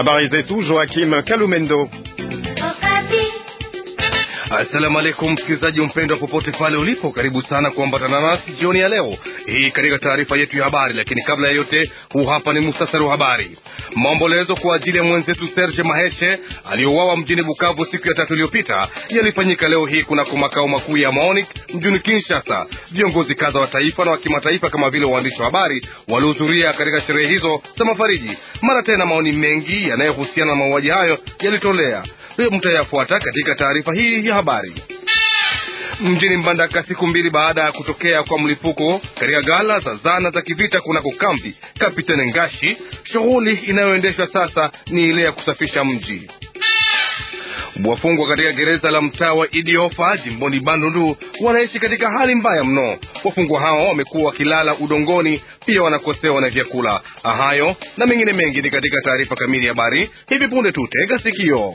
À tout, Joachim Calumendo. Assalamu alaikum msikilizaji mpendwa, popote pale ulipo, karibu sana kuambatana nasi jioni ya leo hii katika taarifa yetu ya habari. Lakini kabla ya yote, huu hapa ni muhtasari wa habari. Maombolezo kwa ajili ya mwenzetu Serge Maheshe aliyouawa mjini Bukavu siku ya tatu iliyopita yalifanyika leo hii kunako makao makuu ya MONUC mjini Kinshasa. Viongozi kadha wa taifa na wa kimataifa kama vile waandishi wa habari walihudhuria katika sherehe hizo za mafariji. Mara tena maoni mengi yanayohusiana na mauaji hayo yalitolea mtayafuata katika taarifa hii ya habari. Mjini Mbandaka, siku mbili baada ya kutokea kwa mlipuko katika gala za zana za kivita kunako kambi kapitani Ngashi, shughuli inayoendeshwa sasa ni ile ya kusafisha mji. Wafungwa katika gereza la mtaa wa Idiofa jimboni Bandundu wanaishi katika hali mbaya mno. Wafungwa hao wamekuwa wakilala udongoni, pia wanakosewa na vyakula. Hayo na mengine mengi ni katika taarifa kamili ya habari hivi punde tu. Tega sikio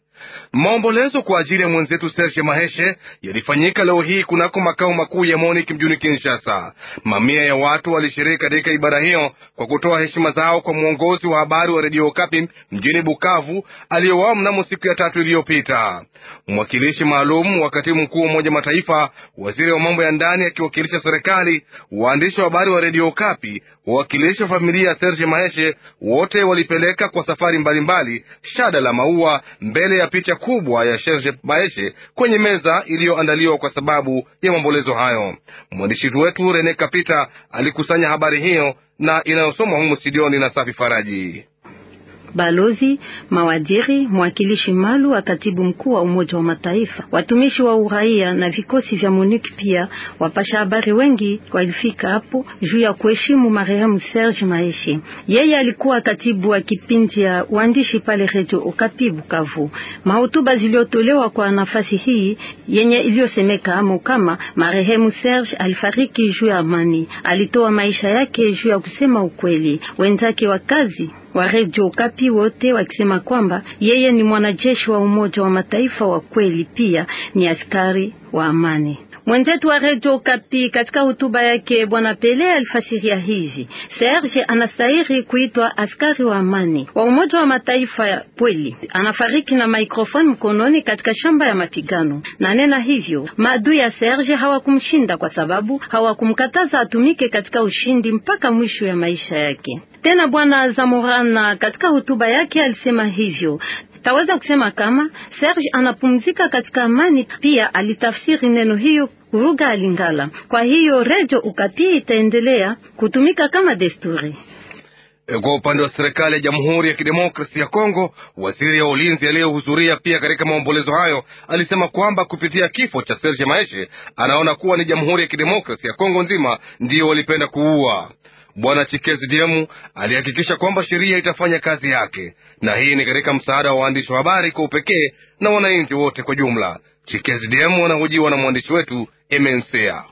Maombolezo kwa ajili ya mwenzetu Serge Maheshe yalifanyika leo hii kunako makao makuu ya MONIK mjini Kinshasa. Mamia ya watu walishiriki katika ibada hiyo kwa kutoa heshima zao kwa mwongozi wa habari wa redio Okapi mjini Bukavu aliyowao mnamo siku ya tatu iliyopita. Mwakilishi maalum wa katibu mkuu wa Umoja Mataifa, waziri wa mambo ya ndani akiwakilisha serikali, waandishi wa habari wa redio Okapi, wawakilishi wa familia ya Serge Maheshe, wote walipeleka kwa safari mbalimbali mbali, shada la maua mbele ya picha kubwa ya Serge Maeshe kwenye meza iliyoandaliwa kwa sababu ya maombolezo hayo. Mwandishi wetu Rene Kapita alikusanya habari hiyo na inayosomwa humu studioni na Safi Faraji balozi, mawadiri mwakilishi malu wa katibu mkuu wa Umoja wa Mataifa, watumishi wa uraia na vikosi vya MONUC. Pia wapasha habari wengi walifika hapo juu ya kuheshimu marehemu Serge Maeshi. Yeye alikuwa katibu wa kipindi ya uandishi pale Radio Okapi Bukavu. Mahotuba ziliyotolewa kwa nafasi hii yenye iliyosemeka amo kama marehemu Serge alifariki juu ya amani, alitoa maisha yake juu ya kusema ukweli. Wenzake wa kazi wa Radio Okapi wote wakisema kwamba yeye ni mwanajeshi wa Umoja wa Mataifa wa kweli, pia ni askari wa amani. Mwenzetu wa Radio Kapi katika hotuba yake Bwana Pele alifasiria hizi: Serge anastahili kuitwa askari wa amani wa Umoja wa Mataifa ya kweli. Anafariki na mikrofoni mkononi katika shamba ya mapigano, na nena hivyo maadui ya Serge hawakumshinda kwa sababu hawakumkataza atumike katika ushindi mpaka mwisho ya maisha yake. Tena Bwana Zamorana katika hotuba yake alisema hivyo Taweza kusema kama Serge anapumzika katika amani. Pia alitafsiri neno hiyo kuruga alingala. Kwa hiyo rejo Ukapi itaendelea kutumika kama desturi. E, kwa upande wa serikali ya Jamhuri ya Kidemokrasi ya Kongo, waziri wa ulinzi aliyehudhuria pia katika maombolezo hayo alisema kwamba kupitia kifo cha Serge Maeshe anaona kuwa ni Jamhuri ya Kidemokrasi ya Kongo nzima ndio walipenda kuua Bwana Chikezi Diemu alihakikisha kwamba sheria itafanya kazi yake, na hii ni katika msaada wa waandishi wa habari kwa upekee na wananchi wote kwa jumla. Chikezi Diemu anahojiwa na mwandishi wetu Emensea.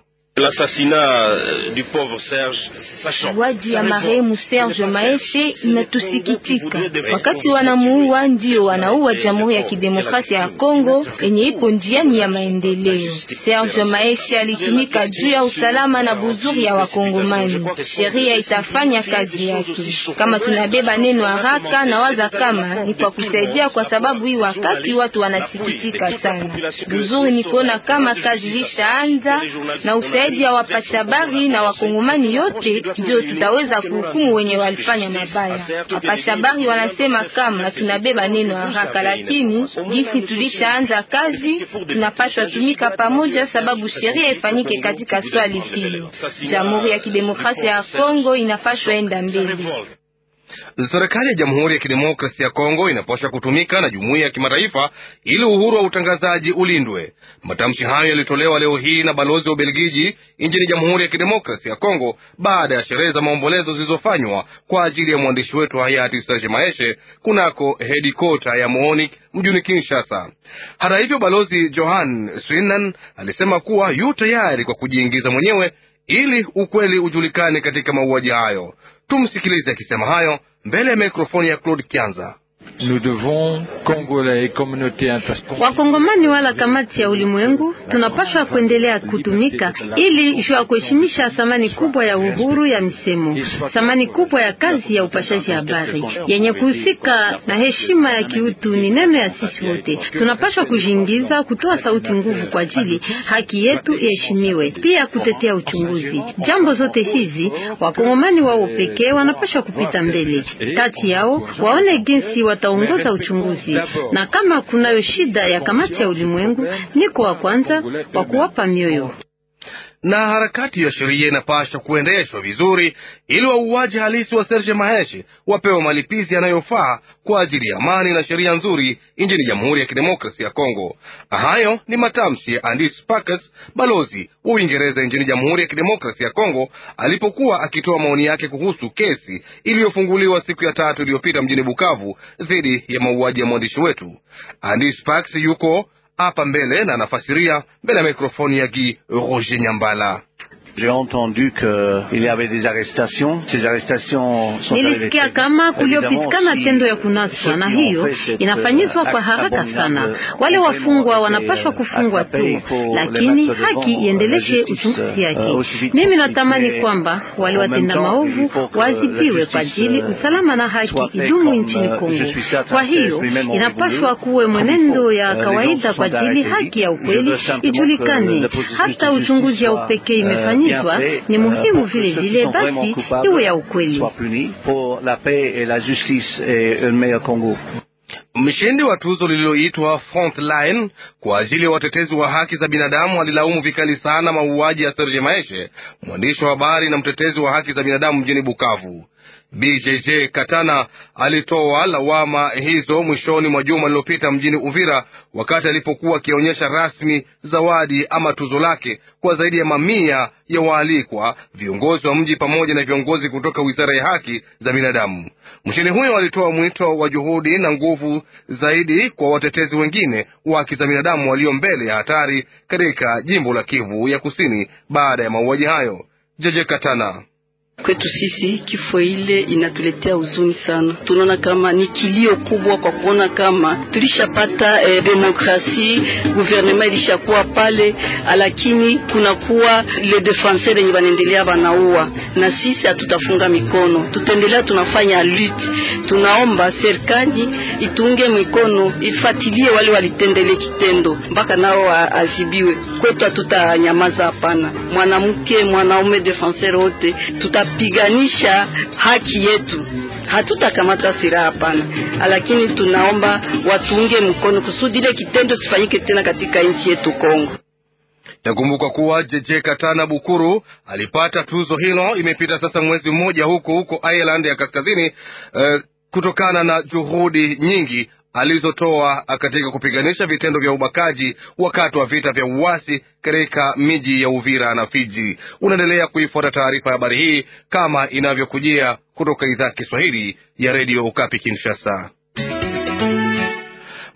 Waji ya marehemu Serge Maeshe inatusikitika. Wakati wanamuua ndio wanaua Jamhuri ya Kidemokrasia ya Kongo yenye ipo njiani ya maendeleo. Serge Maeshe alitumika juu ya usalama na buzuri ya Wakongomani. Sheria itafanya kazi yake. Kama tunabeba neno haraka na waza kama ni kwa kusaidia, kwa sababu hii wakati watu wanasikitika sana. Buzuri ni kuona kama kazi lishaanza na usaidia zaidi ya wapasha habari na wakongomani yote, ndio tutaweza kuhukumu wenye walifanya mabaya. Wapasha habari wanasema kama tunabeba neno haraka, lakini jinsi tulishaanza kazi, tunapaswa tumika pamoja, sababu sheria ifanyike katika swali hili. Jamhuri ya Kidemokrasia ya Kongo inapaswa enda mbele. Serikali ya Jamhuri ya Kidemokrasia ya Kongo inapaswa kutumika na jumuiya ya kimataifa ili uhuru wa utangazaji ulindwe. Matamshi hayo yalitolewa leo hii na balozi wa Ubelgiji nchini Jamhuri ya Kidemokrasia ya Kongo baada ya sherehe za maombolezo zilizofanywa kwa ajili ya mwandishi wetu hayati Serge Maeshe kunako hedikota ya moni mjini Kinshasa. Hata hivyo, balozi Johan Swinan alisema kuwa yu tayari kwa kujiingiza mwenyewe ili ukweli ujulikane katika mauaji hayo. Tumsikilize akisema hayo mbele ya mikrofoni ya Claude Kianza. Wakongomani wala kamati ya ulimwengu tunapaswa kuendelea kutumika ili juu ya kuheshimisha thamani kubwa ya uhuru ya misemo, thamani kubwa ya kazi ya upashaji habari yenye kuhusika na heshima ya kiutu. Ni neno ya sisi wote, tunapaswa kujiingiza, kutoa sauti nguvu kwa ajili haki yetu iheshimiwe, pia kutetea uchunguzi. Jambo zote hizi wakongomani wao pekee wanapaswa kupita mbele, kati yao waone jinsi wa wataongoza uchunguzi, na kama kunayo shida ya kamati ya ulimwengu, niko wa kwanza wa kuwapa mioyo na harakati ya sheria inapasha kuendeshwa vizuri ili wauaji halisi wa Serge Maheshe wapewe malipizi yanayofaa kwa ajili ya amani na sheria nzuri nchini Jamhuri ya Kidemokrasia ya Kongo. Hayo ni matamshi ya Andis Pakes, balozi wa Uingereza nchini Jamhuri ya Kidemokrasia ya Kongo, alipokuwa akitoa maoni yake kuhusu kesi iliyofunguliwa siku ya tatu iliyopita mjini Bukavu dhidi ya mauaji ya mwandishi wetu Andis Pakes yuko hapa mbele na anafasiria mbele ya mikrofoni ya gi Roger Nyambala. J'ai entendu qu'il y avait des arrestations. Ces arrestations sont nilisikia kama kuliopita tendo ya kunaswa, na hiyo inafanyizwa euh, kwa haraka sana. Wale wafungwa wanapaswa kufungwa tu, lakini haki iendeleshe uchunguzi yake. Euh, Mimi natamani kwamba wale watenda maovu waadhibiwe kwa ajili euh, usalama na haki idumu nchini Kongo. Kwa hiyo inapaswa kuwe ah, mwenendo ya kawaida kwa ajili haki ya ukweli ijulikane, hata uchunguzi ya upekee imefanyika kuchinjwa ni muhimu vile vile, basi iwe ya ukweli. Mshindi wa tuzo lililoitwa Frontline kwa ajili ya watetezi wa haki za binadamu alilaumu vikali sana mauaji ya Serge Maeshe, mwandishi wa habari na mtetezi wa haki za binadamu mjini Bukavu. BJJ Katana alitoa lawama hizo mwishoni mwa juma lililopita mjini Uvira wakati alipokuwa akionyesha rasmi zawadi ama tuzo lake kwa zaidi ya mamia ya waalikwa, viongozi wa mji pamoja na viongozi kutoka Wizara ya Haki za Binadamu. Mshindi huyo alitoa mwito wa juhudi na nguvu zaidi kwa watetezi wengine wa haki za binadamu walio mbele ya hatari katika jimbo la Kivu ya Kusini baada ya mauaji hayo. JJ Katana Kwetu sisi kifo ile inatuletea huzuni sana, tunaona kama ni kilio kubwa kwa kuona kama tulishapata eh, demokrasi guvernema ilishakuwa pale, lakini kunakuwa le defenseur yenye wanaendelea wanaua, na sisi hatutafunga mikono, tutaendelea tunafanya lutte. Tunaomba serikali itunge mikono, ifatilie wale walitendele kitendo mpaka nao azibiwe. Kwetu hatutanyamaza, hapana. Mwanamke, mwanaume, defenseur wote tuta tunapiganisha haki yetu. Hatutakamata silaha hapana, lakini tunaomba watuunge mkono kusudi ile kitendo sifanyike tena katika nchi yetu Kongo. Nakumbuka kuwa Jeje Katana Bukuru alipata tuzo hilo, imepita sasa mwezi mmoja huko huko Ireland ya Kaskazini, uh, kutokana na juhudi nyingi alizotoa katika kupiganisha vitendo vya ubakaji wakati wa vita vya uasi katika miji ya Uvira na Fiji. Unaendelea kuifuata taarifa ya habari hii kama inavyokujia kutoka idhaa Kiswahili ya redio ukapi Kinshasa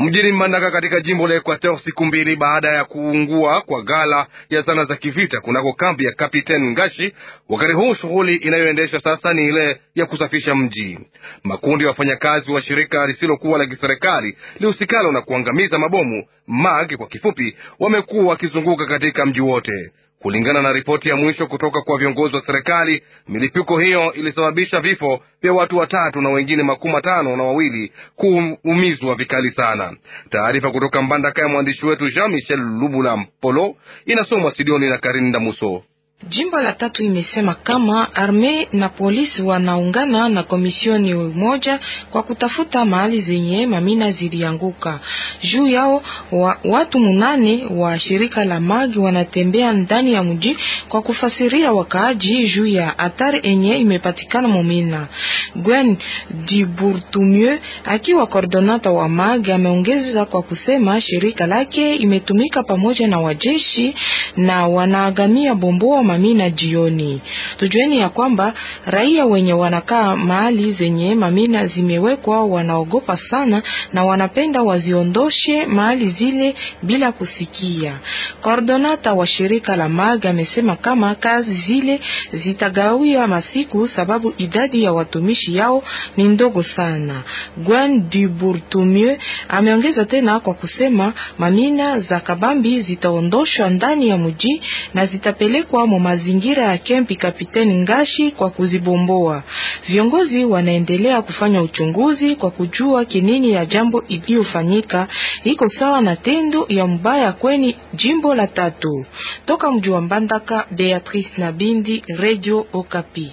mjini Mbandaka katika jimbo la ekuator siku mbili baada ya kuungua kwa gala ya zana za kivita kunako kambi ya Kapiten Ngashi. Wakati huu shughuli inayoendeshwa sasa ni ile ya kusafisha mji. Makundi ya wafanyakazi wa shirika lisilokuwa la kiserikali lihusikalo na kuangamiza mabomu MAG kwa kifupi, wamekuwa wakizunguka katika mji wote. Kulingana na ripoti ya mwisho kutoka kwa viongozi wa serikali, milipuko hiyo ilisababisha vifo vya watu watatu na wengine makumi matano na wawili kuumizwa vikali sana. Taarifa kutoka Mbandaka ya mwandishi wetu Jean Michel Lubula Mpolo inasomwa Sidioni na Karinda Muso. Jimbo la tatu imesema kama arme na polisi wanaungana na komisioni moja kwa kutafuta mahali zenye mamina zilianguka. Juu yao wa, watu munane wa shirika la Magi wanatembea ndani ya mji kwa kufasiria wakaaji juu ya hatari enye imepatikana momina. Gwen Diburtumie akiwa koordonata wa Magi ameongeza kwa kusema shirika lake imetumika pamoja na wajeshi na wanaagamia bomboa mamina jioni. Tujueni ya kwamba raia wenye wanakaa mahali zenye mamina zimewekwa wanaogopa sana na wanapenda waziondoshe mahali zile bila kusikia. Koordonata wa shirika la MAG amesema kama kazi zile zitagawiwa masiku sababu idadi ya watumishi yao ni ndogo sana. Gwen Dubourtumieu ameongeza tena kwa kusema mamina za kabambi zitaondoshwa ndani ya mji na zitapelekwa mazingira ya kempi Kapiteni Ngashi kwa kuzibomboa. Viongozi wanaendelea kufanya uchunguzi kwa kujua kinini ya jambo iliyofanyika iko sawa na tendo ya mbaya kweni jimbo la tatu. Toka mji wa Mbandaka, Beatrice Nabindi, Radio Okapi.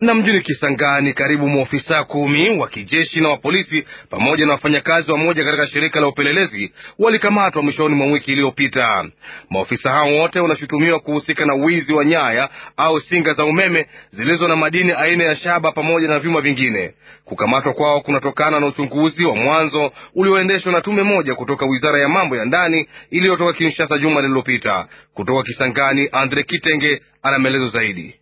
Na mjini Kisangani, karibu maofisa kumi wa kijeshi na wa polisi pamoja na wafanyakazi moja katika shirika la upelelezi walikamatwa mwishoni mwa wiki iliyopita. Maofisa hao wote wanashutumiwa kuhusika na wizi wa nyaya au singa za umeme zilizo na madini aina ya shaba pamoja na vyuma vingine. Kukamatwa kwao kunatokana na uchunguzi wa mwanzo ulioendeshwa na tume moja kutoka wizara ya mambo ya ndani iliyotoka Kinshasa juma lililopita. Kutoka Kisangani, Andre Kitenge ana maelezo zaidi.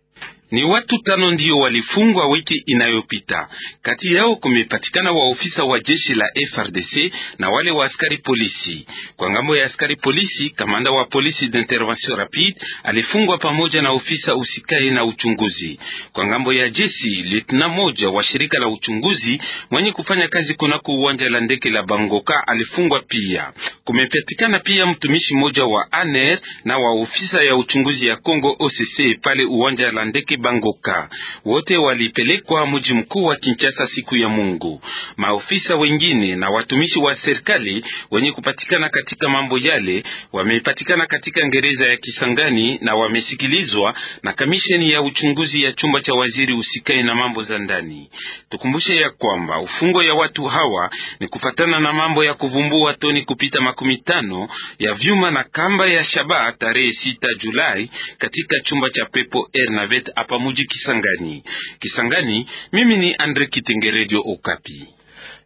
Ni watu tano ndio walifungwa wiki inayopita. Kati yao kumepatikana waofisa wa jeshi la FRDC na wale wa askari polisi. Kwa ngambo ya askari polisi, kamanda wa polisi d'intervention rapide alifungwa pamoja na ofisa usikai na uchunguzi. Kwa ngambo ya jeshi, litna moja wa shirika la uchunguzi mwenye kufanya kazi kunako uwanja la ndege la Bangoka alifungwa pia. Kumepatikana pia mtumishi mmoja wa ANR na waofisa ya uchunguzi ya Kongo OCC pale uwanja la ndege Bangoka. Wote walipelekwa mji mkuu wa Kinshasa siku ya Mungu. Maofisa wengine na watumishi wa serikali wenye kupatikana katika mambo yale wamepatikana katika gereza ya Kisangani na wamesikilizwa na kamisheni ya uchunguzi ya chumba cha waziri usikae na mambo za ndani. Tukumbushe ya kwamba ufungo ya watu hawa ni kufatana na mambo ya kuvumbua toni kupita makumi tano ya vyuma na kamba ya shaba tarehe 6 Julai katika chumba cha pepo Ernavet hapa muji Kisangani. Kisangani, mimi ni Andre Kitenge, Radio Okapi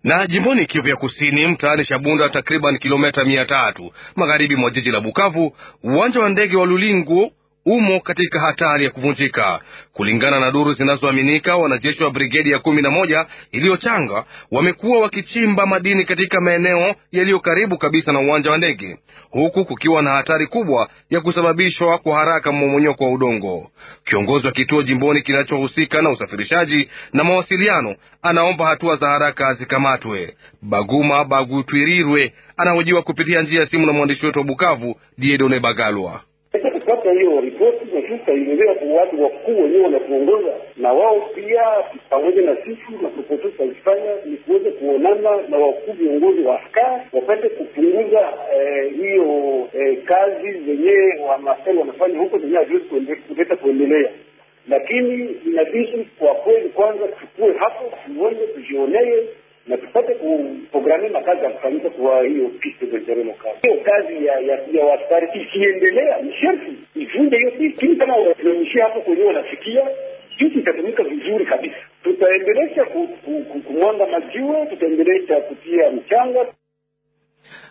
na jimboni Kivu ya Kusini, mtaani Shabunda, takriban kilometa mia tatu magharibi mwa jiji la Bukavu, uwanja wa ndege wa Lulingu umo katika hatari ya kuvunjika. Kulingana na duru zinazoaminika, wanajeshi wa brigedi ya kumi na moja iliyochanga wamekuwa wakichimba madini katika maeneo yaliyo karibu kabisa na uwanja wa ndege, huku kukiwa na hatari kubwa ya kusababishwa kwa haraka mmomonyoko wa udongo. Kiongozi wa kituo jimboni kinachohusika na usafirishaji na mawasiliano anaomba hatua za haraka zikamatwe. Baguma Bagutwirirwe anahojiwa kupitia njia ya simu na mwandishi wetu wa Bukavu Diedone Bagalwa kupata hiyo ripoti na sisi tutaelezea kwa watu wakuu wenyewe wanatuongoza, na wao pia pamoja na sisi, na popote tutaifanya ni kuweze kuonana na wakuu viongozi wa askari wapate kupunguza eh, hiyo eh, kazi zenyewe wamaskari wanafanya huko, zenyewe haziwezi kuleta kuendelea lakini inabidi kwa kweli kwanza tuchukue hapo tuone, tujionee na tupate programme na kazi ya kufanyika kwa hiyo piste zeteremo kama hiyo kazi ya ya, ya waskari ikiendelea, ni sherti ivunde hiyo piste kama wanaonyeshia hapo kwenye wanafikia juu itatumika vizuri kabisa. Tutaendelesha kumwanga majiwe, tutaendelesha kutia mchanga.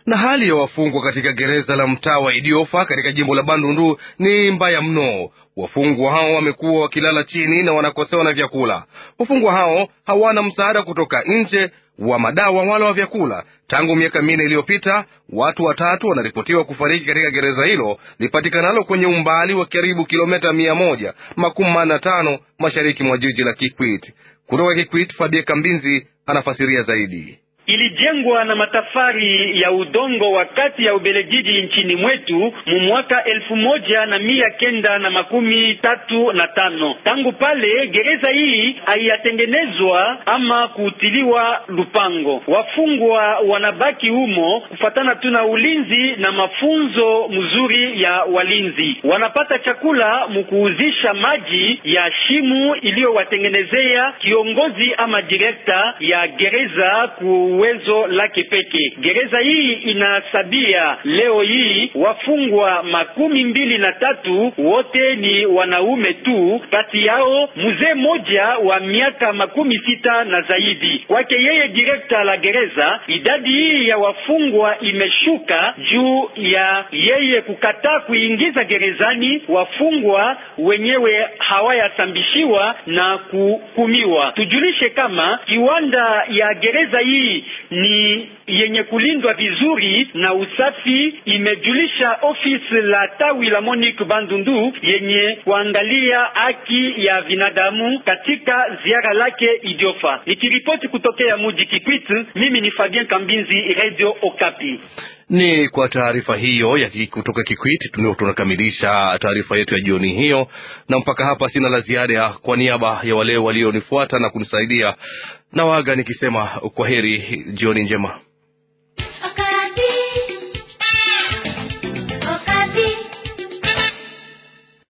Na hali ya wafungwa katika gereza la mtaa wa Idiofa katika jimbo la Bandundu ni mbaya mno. Wafungwa hao wamekuwa wakilala chini na wanakosewa na vyakula. Wafungwa hao hawana msaada kutoka nje wa madawa wala wa vyakula. Tangu miaka minne iliyopita, watu watatu wanaripotiwa kufariki katika gereza hilo lipatikanalo kwenye umbali wa karibu kilomita mia moja makumi manne na tano mashariki mwa jiji la Kikwit. Kutoka Kikwit, Fabie Kambinzi anafasiria zaidi ilijengwa na matafari ya udongo wakati ya ubelejiji nchini mwetu mu mwaka elfu moja na mia kenda na makumi tatu na tano. Tangu pale gereza hii haiyatengenezwa ama kuutiliwa lupango, wafungwa wanabaki humo kufatana tu na ulinzi na mafunzo mzuri ya walinzi. Wanapata chakula mukuuzisha maji ya shimu iliyowatengenezea kiongozi ama direkta ya gereza ku uwezo lake pekee. Gereza hii inasabia leo hii wafungwa makumi mbili na tatu, wote ni wanaume tu, kati yao mzee moja wa miaka makumi sita na zaidi. Kwake yeye direkta la gereza, idadi hii ya wafungwa imeshuka juu ya yeye kukataa kuingiza gerezani wafungwa wenyewe hawayasambishiwa na kuhukumiwa. Tujulishe kama kiwanda ya gereza hii ni yenye kulindwa vizuri na usafi, imejulisha ofisi la tawi la Monik Bandundu yenye kuangalia haki ya binadamu katika ziara lake idiofa. Nikiripoti kutokea muji Kikwit, mimi ni Fabien Kambinzi, Radio Okapi. Ni kwa taarifa hiyo ya kutoka Kikwiti tunio tunakamilisha taarifa yetu ya jioni hiyo, na mpaka hapa sina la ziada. Kwa niaba ya wale walionifuata na kunisaidia na waga nikisema kwa heri, jioni njema.